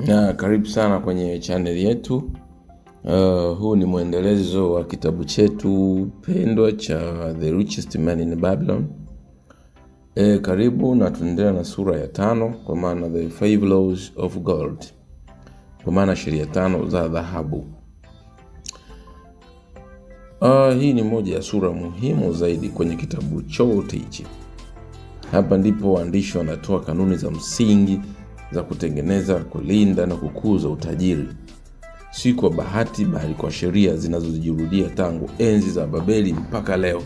Na karibu sana kwenye channel yetu. Uh, huu ni mwendelezo wa kitabu chetu pendwa cha The Richest Man in Babylon. E, karibu na tunaendelea na sura ya tano kwa maana The Five Laws of Gold, kwa maana sheria tano za dhahabu. Uh, hii ni moja ya sura muhimu zaidi kwenye kitabu chote hichi. Hapa ndipo waandishi wanatoa kanuni za msingi za kutengeneza, kulinda na kukuza utajiri, si kwa bahati, bali kwa sheria zinazojirudia tangu enzi za Babeli mpaka leo.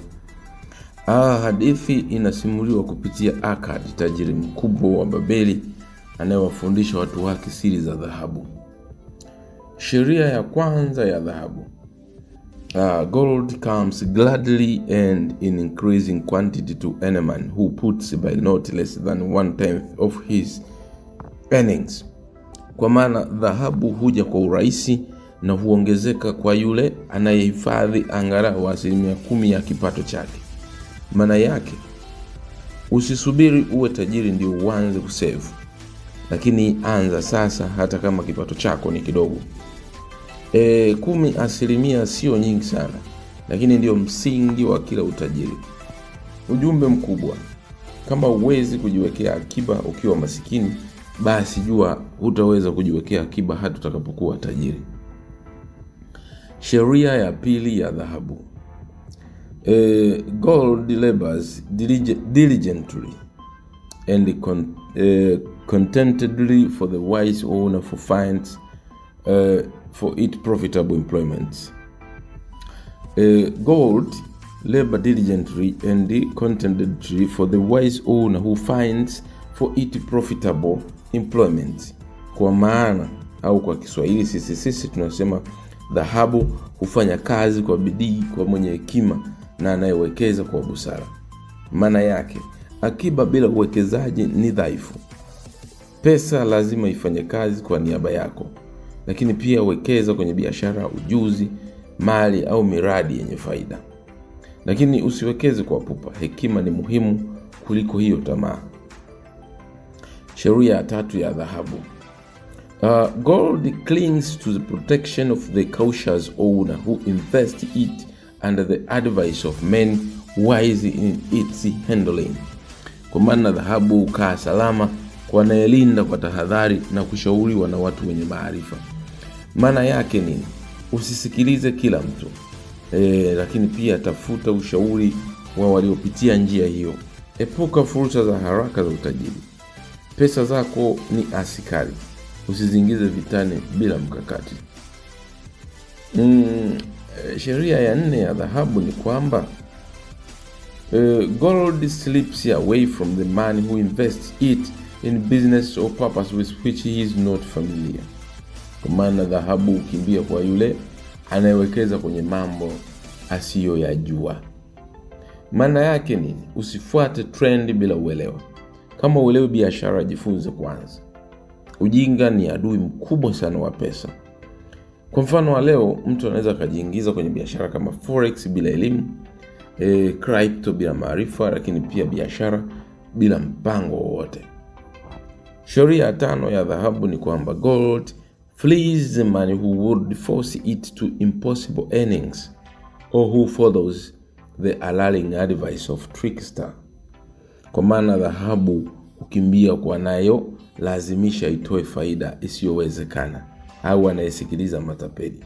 Ah, hadithi inasimuliwa kupitia Akad, tajiri mkubwa wa Babeli anayewafundisha watu wake siri za dhahabu. Sheria ya kwanza ya dhahabu. Uh, gold comes gladly and in increasing quantity to any man who puts by not less than one tenth of his earnings, kwa maana dhahabu huja kwa urahisi na huongezeka kwa yule anayehifadhi angalau asilimia kumi ya kipato chake. Maana yake usisubiri uwe tajiri ndio uanze kusevu, lakini anza sasa, hata kama kipato chako ni kidogo. E, kumi asilimia sio nyingi sana, lakini ndio msingi wa kila utajiri. Ujumbe mkubwa: kama huwezi kujiwekea akiba ukiwa masikini basi jua hutaweza kujiwekea akiba hata utakapokuwa tajiri. Sheria ya pili ya dhahabu. E, gold labors diligently and con, e, contentedly for the wise owner for finds e, for it profitable employment. E, gold labor diligently and contentedly for the wise owner who finds for it profitable employment kwa maana au kwa Kiswahili sisi sisi tunasema dhahabu hufanya kazi kwa bidii kwa mwenye hekima na anayewekeza kwa busara. Maana yake akiba bila uwekezaji ni dhaifu. Pesa lazima ifanye kazi kwa niaba yako, lakini pia wekeza kwenye biashara, ujuzi, mali au miradi yenye faida, lakini usiwekeze kwa pupa. Hekima ni muhimu kuliko hiyo tamaa sheria ya tatu ya dhahabu. Uh, gold clings to the protection of the cautious owner who invests it under the advice of men wise in its handling. Kwa maana dhahabu hukaa salama kwa anayelinda kwa tahadhari na kushauriwa na watu wenye maarifa. Maana yake nini? Usisikilize kila mtu e, lakini pia tafuta ushauri wa waliopitia njia hiyo. Epuka fursa za haraka za utajiri. Pesa zako ni asikari usizingize vitani bila mkakati. Mm, sheria ya nne ya dhahabu ni kwamba uh, gold slips away from the man who invests it in business or purpose with which he is not familiar, kwa maana dhahabu hukimbia kwa yule anayewekeza kwenye mambo asiyoyajua. Maana yake nini? Usifuate trendi bila uelewa. Kama uelewi biashara, jifunze kwanza. Ujinga ni adui mkubwa sana wa pesa. Kwa mfano wa leo, mtu anaweza akajiingiza kwenye biashara kama forex bila elimu, e, crypto bila maarifa, lakini pia biashara bila mpango wowote. Sheria ya tano ya dhahabu ni kwamba gold flees the man who would force it to impossible earnings or who follows the alarming advice of trickster kwa maana dhahabu kukimbia kwa nayo lazimisha itoe faida isiyowezekana, au anayesikiliza matapeli.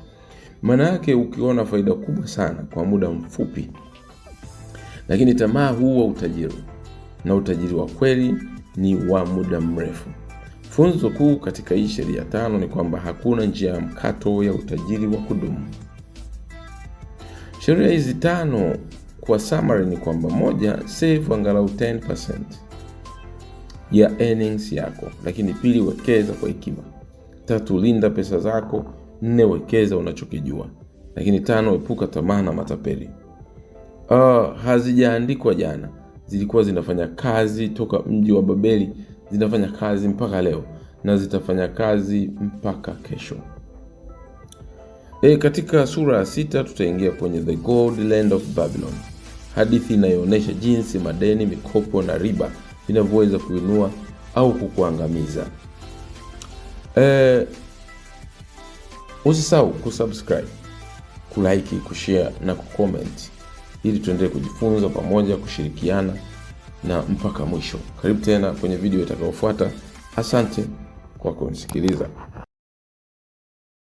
Maana yake ukiona faida kubwa sana kwa muda mfupi, lakini tamaa huu wa utajiri, na utajiri wa kweli ni wa muda mrefu. Funzo kuu katika hii sheria tano ni kwamba hakuna njia ya mkato ya utajiri wa kudumu. Sheria hizi tano kwa summary ni kwamba moja, save angalau 10% ya earnings yako, lakini pili, wekeza kwa hekima. Tatu, linda pesa zako. Nne, wekeza unachokijua. Lakini tano, epuka tamaa na matapeli. Uh, hazijaandikwa jana, zilikuwa zinafanya kazi toka mji wa Babeli, zinafanya kazi mpaka leo na zitafanya kazi mpaka kesho. E, katika sura ya sita tutaingia kwenye the gold land of Babylon hadithi inayoonyesha jinsi madeni, mikopo na riba vinavyoweza kuinua au kukuangamiza. E, usisahau kusubscribe, kulike, kushare na kucomment ili tuendelee kujifunza pamoja, kushirikiana na mpaka mwisho. Karibu tena kwenye video itakayofuata. Asante kwa kunisikiliza.